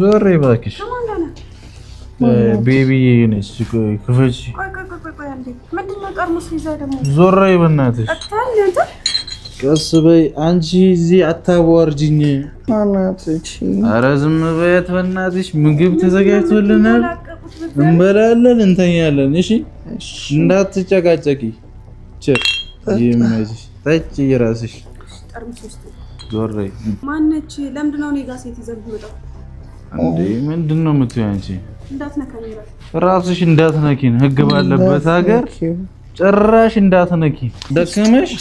ዞር እባክሽ ቤቢዬ ነች። ክፈች ዞር በናትሽ ቀስ በይ አንቺ እዚህ አታቧርጅኝ። ኧረ ዝም በያት በናትሽ። ምግብ ተዘጋጅቶልናል፣ እንበላለን፣ እንተኛለን። እሺ እንዳትጨቃጨቂ። ጠጪ ዞር በይ። ማነች? ለምንድን ነው እኔ ጋር ሴት ይዘህ የምትመጣው? እንዴ ምንድን ነው የምትይው አንቺ? እንዳትነካኝ እራስሽ እንዳትነኪን። ህግ ባለበት ሀገር ጭራሽ እንዳትነኪን ደከመሽ?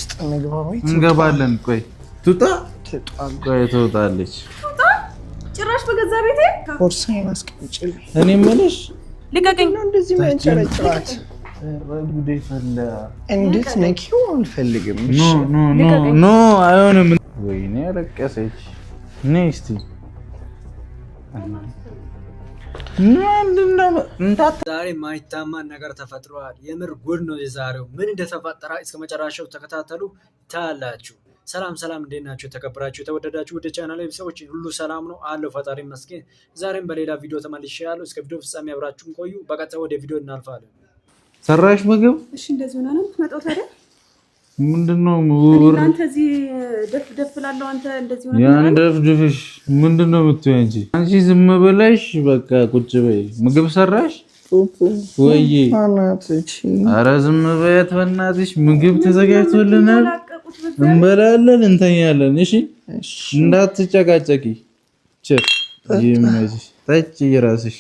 እንገባለን። ቆይ ትውጣ፣ ቆይ ትውጣለች። ጭራሽ በገዛ ቤቴ ቦርሳዬን አስቀምጪልኝ። እኔ የምልሽ ልቀቀኝ። እንደዚህ መንጨረጨራት እንዴት ነኪው? አልፈልግም። ኖ ኖ ኖ ኖ አይሆንም። ወይኔ ያለቀሰች ነይ ዛሬ ማይታማን ነገር ተፈጥሯል። የምር ጉድ ነው የዛሬው። ምን እንደተፈጠረ እስከ መጨረሻው ተከታተሉ ታላችሁ። ሰላም ሰላም፣ እንዴት ናቸው የተከበራችሁ የተወደዳችሁ ወደ ቻናል ሁሉ ሰላም ነው አለው ፈጣሪ ዛሬም በሌላ ቪዲዮ ተመልሼ ያለው እስከ ቪዲዮ ፍጻሜ አብራችሁን ቆዩ። በቀጥታ ወደ ቪዲዮ እናልፋለን። ሰራሽ ምግብ እሺ፣ እንደዚህ ሆነ ነው የምትመጣው ታዲያ ምንድነው ምንድነው የምትይው አንቺ አንቺ ዝም ብለሽ በቃ ቁጭ በይ ምግብ ሰራሽ ወይ ኧረ ዝም በያት በእናትሽ ምግብ ተዘጋጅቶልናል እንበላለን እንተኛለን እሺ እንዳትጨቃጨቂ ቸር ይመሽ ጠጪ እራስሽ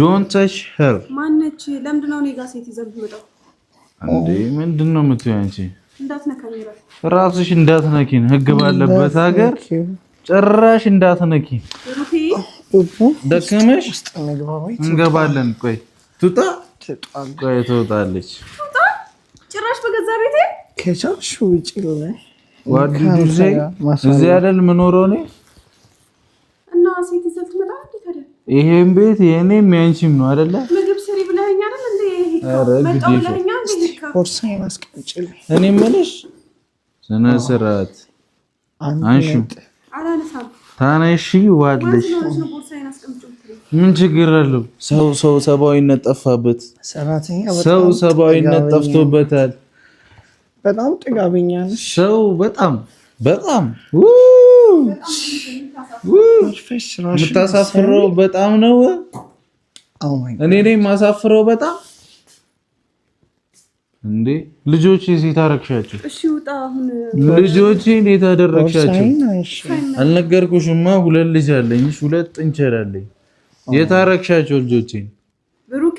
ዶንት ታች ሄር ማነች ለምንድን ነው እኔ ጋር ሴት ይዘህ የምትመጣው እንዴ ምንድን ነው የምትይው አንቺ? ራስሽ እንዳትነኪን ህግ ባለበት ሀገር ጭራሽ እንዳትነኪን። ደከመሽ እንገባለን። ቆይ ትውጣ፣ ቆይ ትውጣለች። ጭራሽ በገዛ ቤቴ ከቻልሽ ውጪ ላይ ዋዲ እዚህ አይደል የምኖረው እኔ እና ሴት ይዘህ ትመጣለህ አይደል? ቤት የእኔም ያንቺም ነው አይደለ? ምግብ ስሪ ብለኸኝ አይደል? እንዴ ቦርሳ የማስቀመጭ እኔ የምልሽ ስነ ስርዓት ምን ችግር አለው? ሰው ሰው ሰብአዊነት ጠፋበት። ሰው ሰብአዊነት ጠፍቶበታል። በጣም ጥጋበኛ ሰው በጣም በጣም የምታሳፍረው በጣም ነው። oh እኔ ነኝ የማሳፍረው በጣም እንዴ ልጆች እንዴት አደረግሻቸው? ልጆች እንዴት አደረግሻቸው? አልነገርኩሽማ ሁለት ልጅ አለኝ፣ ሁለት ጥንቸል አለኝ። የታረግሻቸው ልጆቼን? ብሩኬ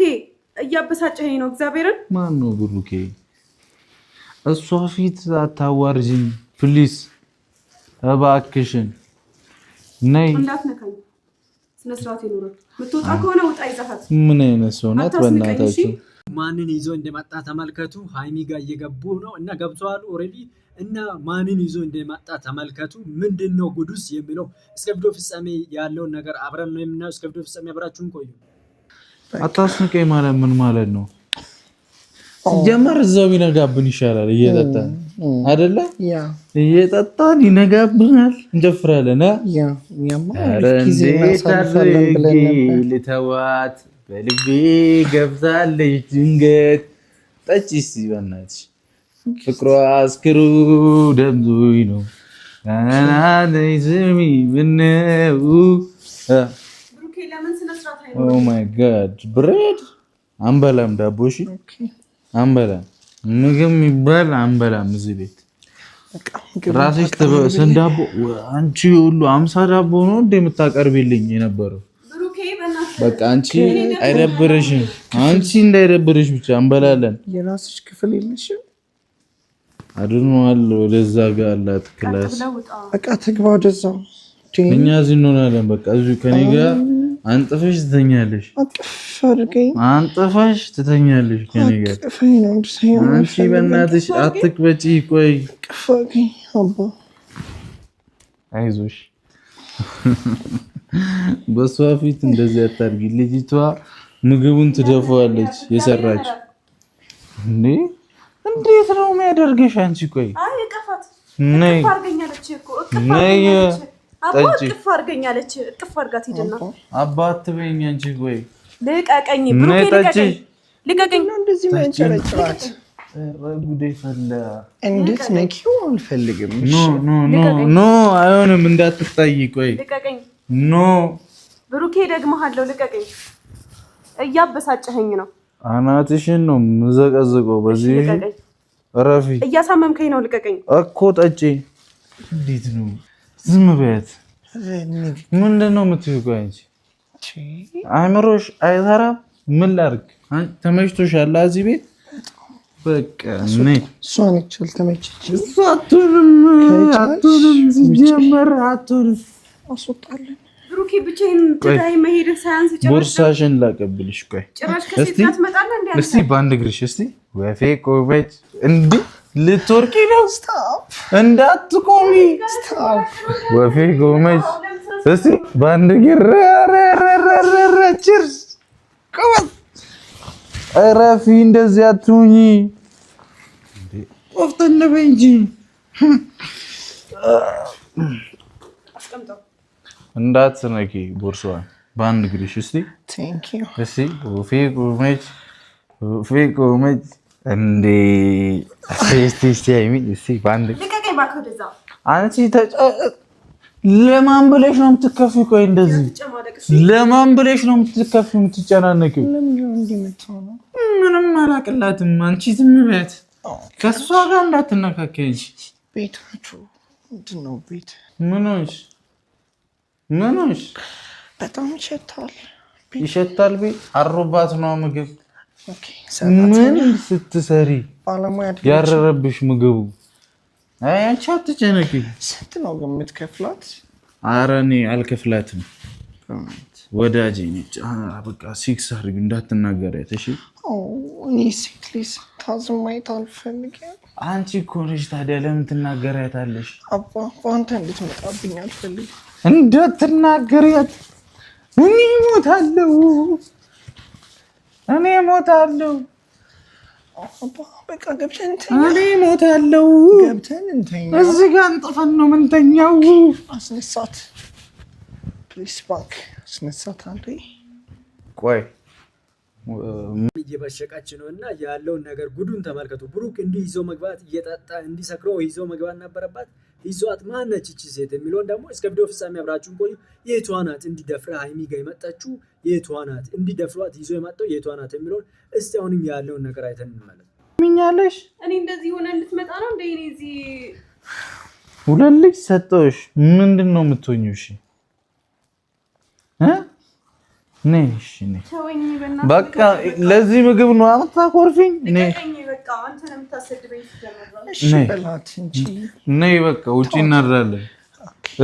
እያበሳጨኝ ነው። እግዚአብሔርን ማን ነው ብሩኬ? እሷ ፊት አታዋርጅኝ ፕሊስ፣ እባክሽን ነይ። ምን አይነት ሰው ናት በእናታችሁ? ማንን ይዞ እንደመጣ ተመልከቱ። ሀይሚ ጋር እየገቡ ነው እና ገብተዋል ኦልሬዲ እና ማንን ይዞ እንደመጣ ተመልከቱ። ምንድን ነው ጉዱስ የሚለው እስከ ቪዲዮ ፍጻሜ ያለውን ነገር አብረን ነው የምናየው። እስከ ቪዲዮ ፍጻሜ አብራችሁን ቆዩ። አታስንቀኝ ማለት ምን ማለት ነው? ጀመር እዛው ቢነጋብን ይሻላል። እየጠጣ አደለ? እየጠጣን ይነጋብናል። እንጨፍራለን። ልተዋት በልቤ ገብታለች ድንገት ጠጪ እስኪ በእናትሽ ፍቅሯ አስክሩ ደምዞኝ ነው ናናናዝሚ ምነው ማይ ብሬድ አንበላም፣ ዳቦ እሺ አንበላም፣ ምግብ የሚባል አንበላም። እዚህ ቤት ራሴ ስንዳቦ አንቺ ሁሉ አምሳ ዳቦ ነው እንደ የምታቀርቢልኝ የነበረው በቃ አንቺ አይደብርሽም። አንቺ እንዳይደብርሽ ብቻ እንበላለን። የራስሽ ክፍል የለሽም? አድኗል። ወደዛ ጋር አላት ክላስ። በቃ ትግባ ወደዛ። እኛ እዚህ እንሆናለን። በቃ እዚሁ ከኔ ጋር አንጥፈሽ ትተኛለሽ። አንጥፈሽ ትተኛለሽ ከኔ ጋር። አንቺ በእናትሽ አትክበጪ። ቆይ አይዞሽ በሷ ፊት እንደዚህ አታርጊ። ልጅቷ ምግቡን ትደፈዋለች የሰራች እንዴ! እንዴት ነው የሚያደርገሽ አንቺ ቆይ ነይ ነይ ጠጪ። አባት አንቺ ቆይ ልቀቀኝ፣ ልቀቀኝ፣ ልቀቀኝ። እንደዚህ እንዴት ነኪው አልፈልግም። ኖ አይሆንም፣ እንዳትታይ። ቆይ ልቀቀኝ። ኖ ብሩኬ፣ ደግመሃለሁ፣ ልቀቀኝ። እያበሳጨኸኝ ነው። አናትሽን ነው ምዘቀዝቆ በዚህ ረፊ እያሳመምከኝ ነው። ልቀቀኝ እኮ ጠጪ። እንዴት ነው? ዝም በያት። ምንድን ነው የምትይው? ቆይ አንቺ አይምሮሽ አይሰራም። ምን ላድርግ? ተመችቶሻል እዚህ ቤት በቃ እሷ ነች አልተመቸች። እሷ አትሆንም ቦርሳሽን ላቀብልሽ። ቆይ እስቲ በአንድ እግርሽ እስቲ ወፌ ቆበች እንዲ ልትወርቂ ነው። እንዳትቆሚ ወፌ ቆመች። እስቲ በአንድ እግር ችርስ እረፊ፣ እንደዚህ አትሁኚ። ቆፍጠን በይ እንጂ እንዳትነኪ ቦርሳዋን በአንድ ግሪሽ። እስቲ እስቲ ፌቅ መች እንዴ! እስቲ እስቲ እስቲ በአንድ አንቺ ተጫ ለማን ብለሽ ነው የምትከፊው? ቆይ እንደዚህ ለማን ብለሽ ነው የምትከፊው የምትጨናነቂው? ምንም አላቅላትም። አንቺ ዝም በያት፣ ከእሷ ጋር እንዳትነካከች። ቤታችሁ ምንድን ነው? ቤት ምኖች ምኖች በጣም ይሸታል፣ ይሸታል። ቤት አሮባት ነው ምግብ ምን ስትሰሪ ያረረብሽ ምግቡ አንቺ አትጨነቂ። ስንት ነው ግን የምትከፍላት? አረ እኔ አልከፍላትም ወዳጅ ነች። በቃ ሲክስ አድርጊ እንዳትናገሪያት እሺ። እኔ ሴት ልጅ ስታዝም ማየት አልፈልግም። አንቺ እኮ ነሽ ታዲያ ለምን ትናገሪያታለሽ? አባ በአንተ እንድትመጣብኝ አልፈልግም። እንዳትናገሪያት እኔ እሞታለሁ፣ እኔ እሞታለሁ በቃ ገብተን እንተኛ። እኔ እሞታለሁ። ገብተን እንተኛ። እዚህ ጋር እንጥፈን ነው ምንተኛው። አስነሳት ፕሊስ፣ ባክ አስነሳት አንዴ። ቆይ እየበሸቀች ነው እና ያለውን ነገር ጉዱን ተመልከቱ። ብሩክ እንዲህ ይዞ መግባት እየጠጣ እንዲሰክረው ይዞ መግባት ነበረባት። ይዟት ማነች እቺ ሴት የሚለውን ደግሞ እስከ ቪዲዮ ፍጻሜ አብራችሁን ቆዩ። የቷ እንዲደፍረ ሀይሚ ጋ የመጣችው የቷ እንዲደፍሯት ይዞ የመጣው የቷ የሚለውን እስቲ አሁንም ያለውን ነገር አይተን እንመለስ። ምኛለሽ እኔ እንደዚህ ሆነ እንድትመጣ ነው እንደ እኔ እዚህ ሁለት ልጅ ሰጠሽ ምንድን ነው የምትሆኚው? እሺ ነሽ በቃ ለዚህ ምግብ ነው አምታኮርፊኝ። ነይ ነይ በቃ ውጪ እናድራለን።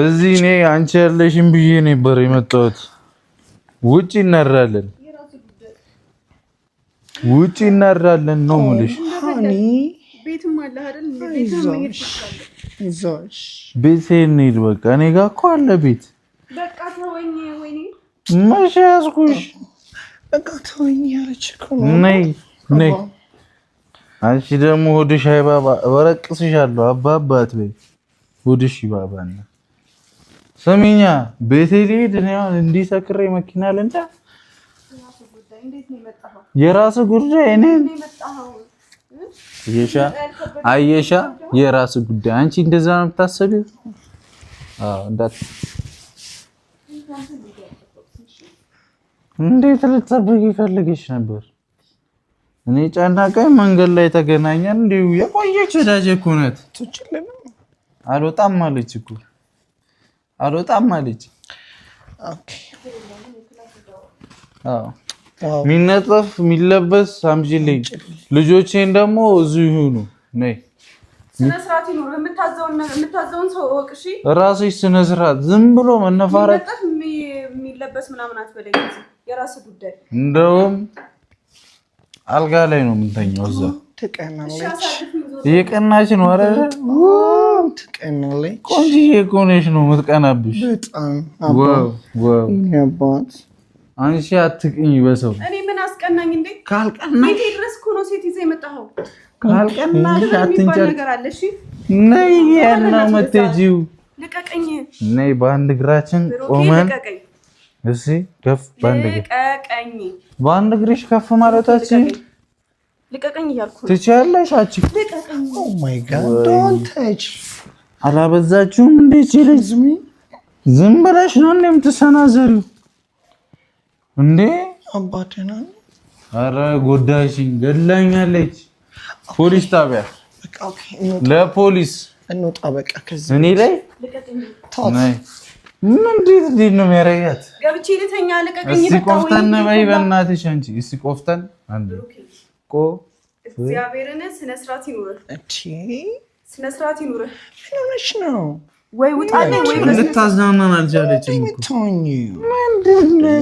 እዚህ እኔ አንቺ ያለሽን ብዬ ነበር የመጣሁት። ውጪ እናድራለን፣ ውጪ እናድራለን ነው የምልሽ። ቤት ሄድ እንሂድ። በቃ እኔ ጋር እኮ አለ ቤት መቼ ያዝኩሽ? በቃ ተወኝ ያለች ነይ ነይ። አንቺ ደግሞ ሆድሽ አይባባ እበረቅስሻለሁ። አባባት በይ ሆድሽ ይባባና ሰሚኛ ቤቴ ልሄድ ነው። እንዲህ ሰክሬ መኪና ልንዳ የራስ ጉዳይ እኔ አየሻ አየሻ የራስ ጉዳይ አንቺ እንደዛ ነው የምታስቢው? አዎ እንዳት እንዴት ልትጠብቅ ይፈልገች ነበር? እኔ ጨነቀኝ። መንገድ ላይ ተገናኘን። እንዲሁ የቆየች ወዳጅ እኮ ናት። አልወጣም አለች እኮ አልወጣም አለች። ሚነጠፍ የሚለበስ አምጪልኝ። ልጆቼን ደግሞ እዚሁ ይሁኑ። ነይ እራስሽ ስነ ዝም ብሎ መነፋረቅ የሚለበስ ምናምን አትበለኝ የራስ ጉዳይ። እንደውም አልጋ ላይ ነው የምንተኛው። እዛ ትቀናለች፣ እየቀናች ነው። ኧረ ትቀናለች። ቆንጆዬ እኮ ነሽ ነው የምትቀናብሽ። አንቺ አትቅኝ በሰው እኔ ምን አስቀናኝ እንዴ? ካልቀናሽ ድረስ እኮ ነው ሴት ይዘህ የመጣኸው። ካልቀናሽ እሺ ነይ ነው የምትሄጂው። ነይ በአንድ እግራችን ቆመን እዚ ከፍ ባንድ ግሪ ልቀቀኝ፣ ባንድ ግሪሽ ከፍ ማለታችን ልቀቀኝ እያልኩ ትችያለሽ። አቺ ልቀቀኝ። ኦ ማይ ጋድ ዶንት ታች። አላበዛችሁም እንዴ? ችልዝሚ ዝም ብለሽ ነው እንዴ የምትሰናዘሉ እንዴ? አባቴ ነው። አረ ጎዳሽኝ፣ ገላኛለች። ፖሊስ ጣቢያ ለፖሊስ እንውጣ። በቃ ከዚህ እኔ ላይ ልቀቀኝ። እንዴት እንዴት ነው የሚያረጋት? ገብቼ ልተኛ ልቀቀኝ። እስኪ ቆፍጠን በይ በእናትሽ አንቺ። እስኪ ቆፍጠን አንዴ ቆ እግዚአብሔርን ስነ ስርዓት ይኑርህ፣ ስነ ስርዓት ይኑርህ። ምን ሆነሽ ነው? ወይ ውጣልኝ ወይ ልታዝናናን አልቻለችም እኮ ምንድን ነው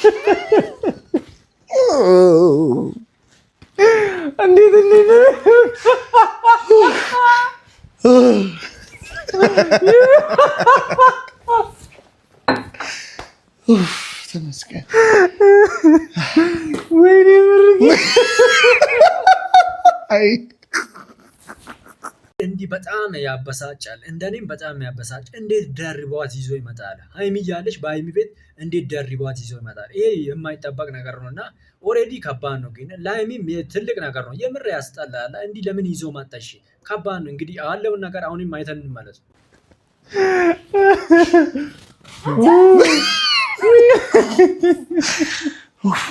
እንዴት ተመስገን። ወይኔ እንዲህ በጣም ያበሳጫል። እንደኔም በጣም ያበሳጭ። እንዴት ደርቧት ይዞ ይመጣል? ሀይሚ እያለች በሀይሚ ቤት እንዴት ደሪቧት ይዞ ይመጣል? ይሄ የማይጠበቅ ነገር ነው እና ኦሬዲ ከባድ ነው፣ ግን ላይሚም ትልቅ ነገር ነው። የምር ያስጠላል። እንዲህ ለምን ይዞ መጣሽ? ከባድ ነው። እንግዲህ አለውን ነገር አሁንም አይተን እንመለስ።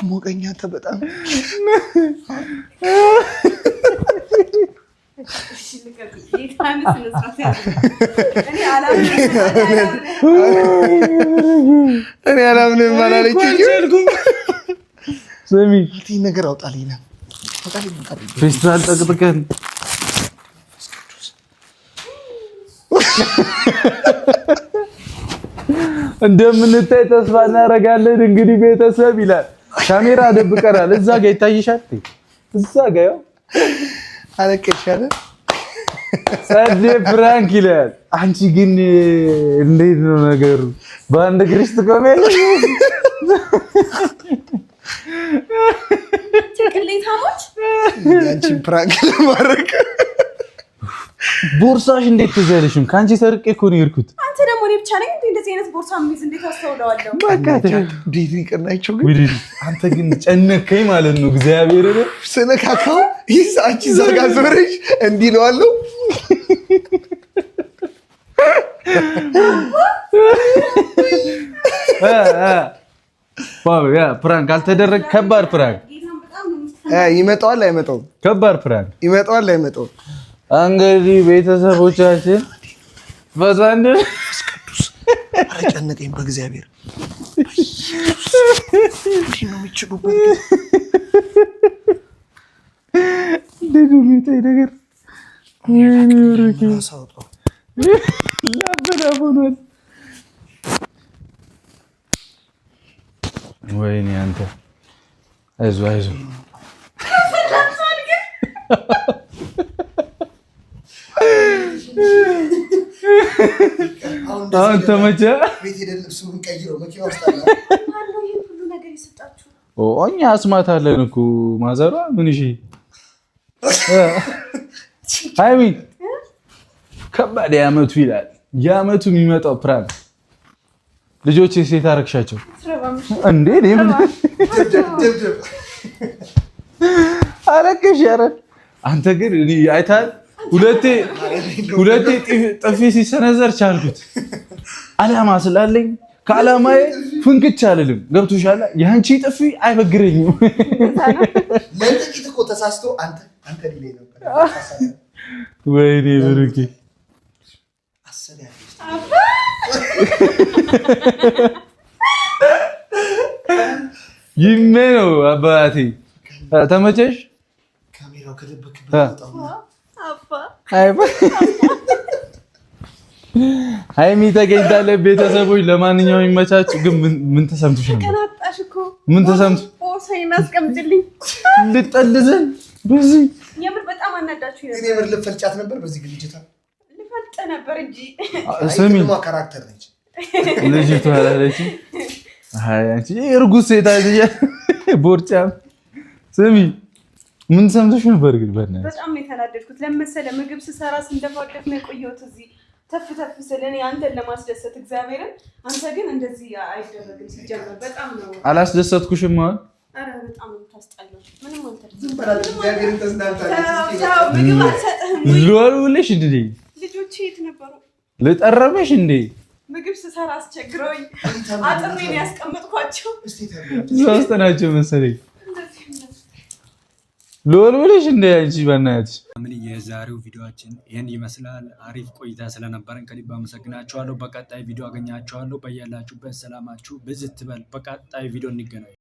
ሞቀኛ በጣም እኔ አላምንም አላለችኝ። ነገር አውጣልኝ። እንደምንታይ ተስፋ እናደርጋለን። እንግዲህ ቤተሰብ ይላል ካሜራ ደብቀናል። እዛ ጋ ይታይሻል፣ እዛ ጋ ያው አለቀሽ አይደል? ጸዴ ፍራንክ ይላል። አንቺ ግን እንዴት ነው ነገሩ? በአንድ ግሪስ ትቆሚያለሽ። ፕራንክ ለማድረግ ቦርሳሽ እንዴት ትዘልሽም? ከአንቺ ሰርቄ እኮ ነው የሄድኩት። አንተ ደግሞ እኔ ብቻ ነኝ እንደዚህ አይነት ቦርሳ የሚይዝ እንዴት አስተውለዋለሁ? ይቀናቸው ግን አንተ ግን ጨነከኝ ማለት ነው። እግዚአብሔር ስነካካው ይህ አንቺ ዘርጋ ዞረሽ እንዲህ ለዋለው ፕራንክ አልተደረገ። ከባድ ፕራንክ ይመጣዋል አይመጣውም? ከባድ ፕራንክ ይመጣዋል አይመጣውም? እንግዲህ ቤተሰቦቻችን በዛንድ አጨነቀኝ። በእግዚአብሔር ነገር ሆኗል። ወይኔ አንተ አይዞህ አይዞህ አሁን ተመቸ። እኛ አስማት አለን እኮ ማዘሯ ምን እሺ፣ ሃይሚ ከባድ የአመቱ ይላል። የአመቱ የሚመጣው ፕራን ልጆች ሴት አረግሻቸው እንዴ? አረግሽ ያረ አንተ ግን አይታል? ሁለቴ ጥፊ ሲሰነዘር ቻልኩት። አላማ ስላለኝ ከአላማዬ ፍንክች አልልም። ገብቶሻል? የአንቺ ጥፊ አይበግረኝም። ለጥቂት እኮ ተሳስቶ ወይኔ ብሩኬ ይሜ ነው አባቴ። ተመቸሽ? ሀይሚ ተገኝታለች። ቤተሰቦች ለማንኛውም ይመቻች። ግን ምን ተሰምቶሽ ነው? ምን ተሰምቶ ልጠልዘን ብዙ የምር በጣም አናዳችሁ። ልፈልጫት ነበር በዚህ ነበር እንጂ ካራክተር አይ አንቺ ሴት አይደል? ምን ሰምተሽ ነበር ግን? በእናትሽ በጣም ነው የተናደድኩት። ለመሰለህ ምግብ ስሰራ ስንደፋደፍ ነው የቆየሁት እዚህ ተፍ ተፍ ስል እኔ አንተን ለማስደሰት እግዚአብሔርን። አንተ ግን እንደዚህ አይደረግም። ሲጀመር በጣም ነው አላስደሰትኩሽም? አሁን ኧረ በጣም ነው የምታስጠላው። ምንም ልወልውልሽ እንዴ? ልጆቼ የት ነበሩ? ልጠረመሽ እንዴ? ምግብ ስሰራ አስቸግረውኝ አጥሬ ነው ያስቀመጥኳቸው። ሶስት ናቸው መሰለኝ ልወልብልሽ እንደ አንቺ በናያች ምን የዛሬው ቪዲዮችን ይህን ይመስላል። አሪፍ ቆይታ ስለነበረን ከልብ አመሰግናችኋለሁ። በቀጣይ ቪዲዮ አገኛችኋለሁ። በያላችሁበት ሰላማችሁ ብዝት በል። በቀጣይ ቪዲዮ እንገናኝ።